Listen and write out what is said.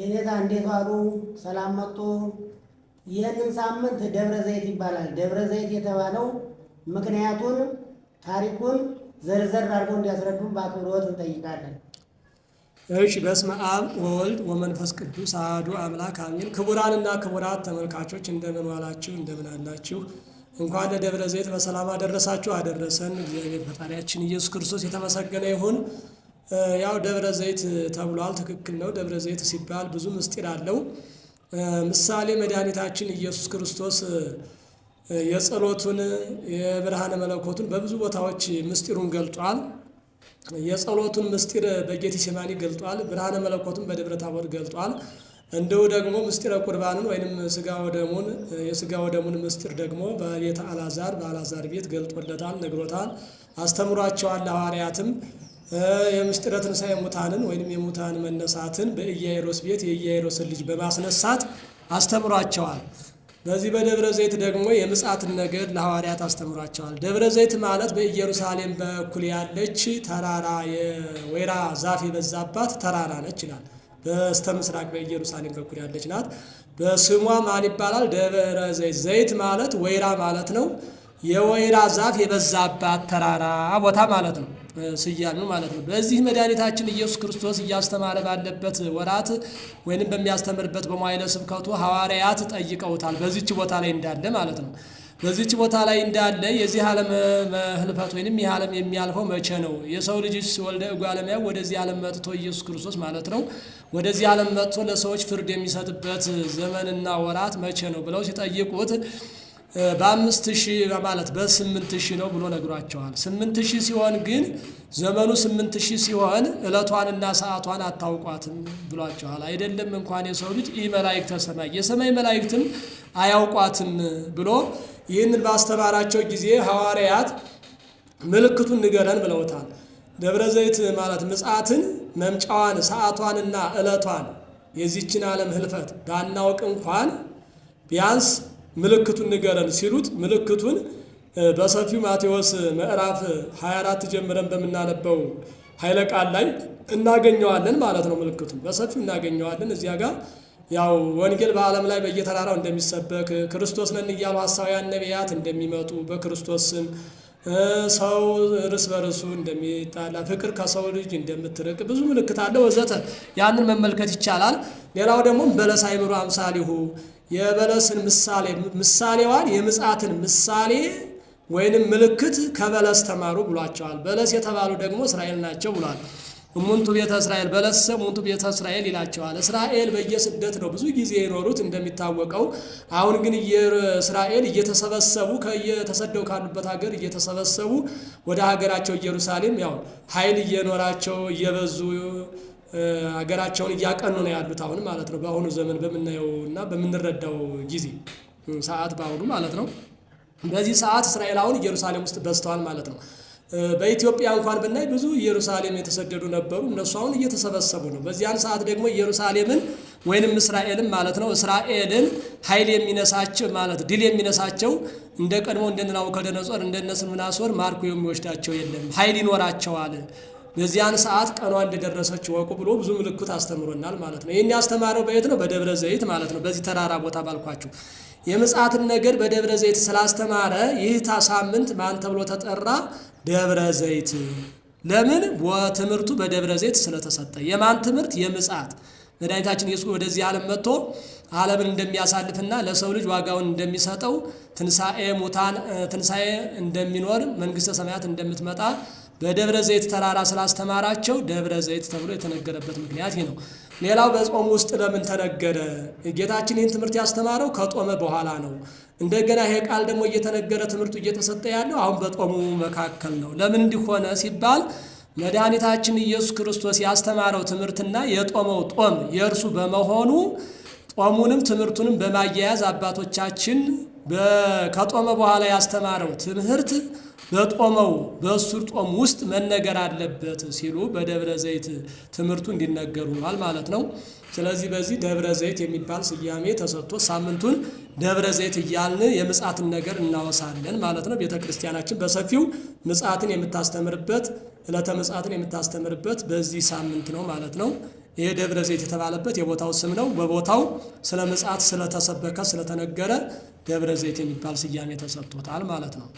የኔታ እንዴት ዋሉ? ሰላም መጡ። ይህንን ሳምንት ደብረ ዘይት ይባላል። ደብረ ዘይት የተባለው ምክንያቱን ታሪኩን ዘርዘር አርጎ እንዲያስረዱን በአክብሮት እንጠይቃለን። እሺ። በስመ አብ ወወልድ ወመንፈስ ቅዱስ አሐዱ አምላክ አሜን። ክቡራንና ክቡራት ተመልካቾች እንደምን ዋላችሁ? እንደምን አላችሁ? እንኳን ለደብረ ዘይት በሰላም አደረሳችሁ አደረሰን። እግዚአብሔር ፈጣሪያችን ኢየሱስ ክርስቶስ የተመሰገነ ይሁን። ያው ደብረ ዘይት ተብሏል። ትክክል ነው። ደብረ ዘይት ሲባል ብዙ ምስጢር አለው። ምሳሌ መድኃኒታችን ኢየሱስ ክርስቶስ የጸሎቱን የብርሃነ መለኮቱን በብዙ ቦታዎች ምስጢሩን ገልጧል። የጸሎቱን ምስጢር በጌቴ ሴማኒ ገልጧል። ብርሃነ መለኮቱን በደብረ ታቦር ገልጧል። እንዲሁ ደግሞ ምስጢረ ቁርባንን ወይንም ስጋ ወደሙን የስጋ ወደሙን ምስጢር ደግሞ በቤተ አላዛር በአላዛር ቤት ገልጦለታል፣ ነግሮታል፣ አስተምሯቸዋል። ሐዋርያትም የምስጢረ ትንሣኤ ሙታንን ወይንም የሙታን መነሳትን በኢያይሮስ ቤት የኢያይሮስን ልጅ በማስነሳት አስተምሯቸዋል። በዚህ በደብረ ዘይት ደግሞ የምጽአትን ነገር ለሐዋርያት አስተምሯቸዋል። ደብረ ዘይት ማለት በኢየሩሳሌም በኩል ያለች ተራራ የወይራ ዛፍ የበዛባት ተራራ ነች ይላል። በስተ ምስራቅ በኢየሩሳሌም በኩል ያለች ናት። በስሟ ማን ይባላል? ደብረ ዘይት። ዘይት ማለት ወይራ ማለት ነው። የወይራ ዛፍ የበዛባት ተራራ ቦታ ማለት ነው። ስያሜው ማለት ነው። በዚህ መድኃኒታችን ኢየሱስ ክርስቶስ እያስተማረ ባለበት ወራት ወይንም በሚያስተምርበት በመዋዕለ ስብከቱ ሐዋርያት ጠይቀውታል። በዚች ቦታ ላይ እንዳለ ማለት ነው። በዚች ቦታ ላይ እንዳለ የዚህ ዓለም መህልፈት ወይንም ይህ ዓለም የሚያልፈው መቼ ነው? የሰው ልጅ ወልደ እጓለማያው ወደዚህ ዓለም መጥቶ ኢየሱስ ክርስቶስ ማለት ነው ወደዚህ ዓለም መጥቶ ለሰዎች ፍርድ የሚሰጥበት ዘመንና ወራት መቼ ነው ብለው ሲጠይቁት በአምስት ሺህ ማለት በስምንት ሺህ ነው ብሎ ነግሯቸዋል። ስምንት ሺህ ሲሆን ግን ዘመኑ ስምንት ሺህ ሲሆን እለቷንና ሰዓቷን አታውቋትም ብሏቸዋል። አይደለም እንኳን የሰው ልጅ ይህ መላእክተ ሰማይ የሰማይ መላእክትም አያውቋትም ብሎ ይህንን ባስተማራቸው ጊዜ ሐዋርያት ምልክቱን ንገረን ብለውታል። ደብረ ዘይት ማለት ምጽአትን መምጫዋን ሰዓቷንና እለቷን የዚችን ዓለም ህልፈት ባናውቅ እንኳን ቢያንስ ምልክቱን ንገረን ሲሉት ምልክቱን በሰፊው ማቴዎስ ምዕራፍ 24 ጀምረን በምናነበው ኃይለ ቃል ላይ እናገኘዋለን ማለት ነው። ምልክቱን በሰፊው እናገኘዋለን። እዚያ ጋር ያው ወንጌል በዓለም ላይ በየተራራው እንደሚሰበክ ክርስቶስ ነን እያሉ ሐሳውያን ነቢያት እንደሚመጡ በክርስቶስ ስም ሰው እርስ በርሱ እንደሚጣላ ፍቅር ከሰው ልጅ እንደምትርቅ ብዙ ምልክት አለ ወዘተ። ያንን መመልከት ይቻላል። ሌላው ደግሞ በለስ አእምሮ አምሳሊሁ የበለስን ምሳሌ ምሳሌዋን የምጽአትን ምሳሌ ወይንም ምልክት ከበለስ ተማሩ ብሏቸዋል። በለስ የተባሉ ደግሞ እስራኤል ናቸው ብሏል። እሙንቱ ቤተ እስራኤል በለሰ ሙንቱ ቤተ እስራኤል ይላቸዋል። እስራኤል በየስደት ነው ብዙ ጊዜ የኖሩት እንደሚታወቀው። አሁን ግን እስራኤል እየተሰበሰቡ ከየተሰደው ካሉበት ሀገር እየተሰበሰቡ ወደ ሀገራቸው ኢየሩሳሌም ያው ኃይል እየኖራቸው እየበዙ ሀገራቸውን እያቀኑ ነው ያሉት አሁን ማለት ነው። በአሁኑ ዘመን በምናየው እና በምንረዳው ጊዜ ሰዓት በአሁኑ ማለት ነው። በዚህ ሰዓት እስራኤል አሁን ኢየሩሳሌም ውስጥ በዝተዋል ማለት ነው። በኢትዮጵያ እንኳን ብናይ ብዙ ኢየሩሳሌም የተሰደዱ ነበሩ። እነሱ አሁን እየተሰበሰቡ ነው። በዚያን ሰዓት ደግሞ ኢየሩሳሌምን ወይንም እስራኤልን ማለት ነው እስራኤልን ኃይል የሚነሳቸው ማለት ድል የሚነሳቸው እንደ ቀድሞ እንደ ናቡከደነጾር እንደነ ስምናሶር ማርኮ የሚወስዳቸው የለም። ኃይል ይኖራቸዋል። በዚያን ሰዓት ቀኗ እንደደረሰች ወቁ ብሎ ብዙ ምልክት አስተምሮናል ማለት ነው። ይህን ያስተማረው በየት ነው? በደብረ ዘይት ማለት ነው። በዚህ ተራራ ቦታ ባልኳችሁ የምጽአትን ነገር በደብረ ዘይት ስላስተማረ ይህ ሳምንት ማን ተብሎ ተጠራ? ደብረ ዘይት። ለምን? ትምህርቱ በደብረ ዘይት ስለተሰጠ። የማን ትምህርት? የምጽአት መድኃኒታችን ኢየሱስ ወደዚህ ዓለም መጥቶ ዓለምን እንደሚያሳልፍና ለሰው ልጅ ዋጋውን እንደሚሰጠው ትንሣኤ ሙታን ትንሣኤ እንደሚኖር መንግሥተ ሰማያት እንደምትመጣ በደብረ ዘይት ተራራ ስላስተማራቸው ደብረ ዘይት ተብሎ የተነገረበት ምክንያት ይህ ነው። ሌላው በጾም ውስጥ ለምን ተነገረ? ጌታችን ይህን ትምህርት ያስተማረው ከጦመ በኋላ ነው። እንደገና ይሄ ቃል ደግሞ እየተነገረ ትምህርቱ እየተሰጠ ያለው አሁን በጦሙ መካከል ነው። ለምን እንዲሆነ ሲባል መድኃኒታችን ኢየሱስ ክርስቶስ ያስተማረው ትምህርትና የጦመው ጦም የእርሱ በመሆኑ ጾሙንም ትምህርቱንም በማያያዝ አባቶቻችን ከጦመ በኋላ ያስተማረው ትምህርት በጦመው በእሱር ጦም ውስጥ መነገር አለበት ሲሉ በደብረ ዘይት ትምህርቱ እንዲነገሩናል ማለት ነው። ስለዚህ በዚህ ደብረ ዘይት የሚባል ስያሜ ተሰጥቶ ሳምንቱን ደብረ ዘይት እያልን የምጽአትን ነገር እናወሳለን ማለት ነው። ቤተ ክርስቲያናችን በሰፊው ምጽአትን የምታስተምርበት ዕለተ ምጽአትን የምታስተምርበት በዚህ ሳምንት ነው ማለት ነው። ይሄ ደብረ ዘይት የተባለበት የቦታው ስም ነው። በቦታው ስለ ምጽአት ስለተሰበከ ስለተነገረ ደብረ ዘይት የሚባል ስያሜ ተሰጥቶታል ማለት ነው።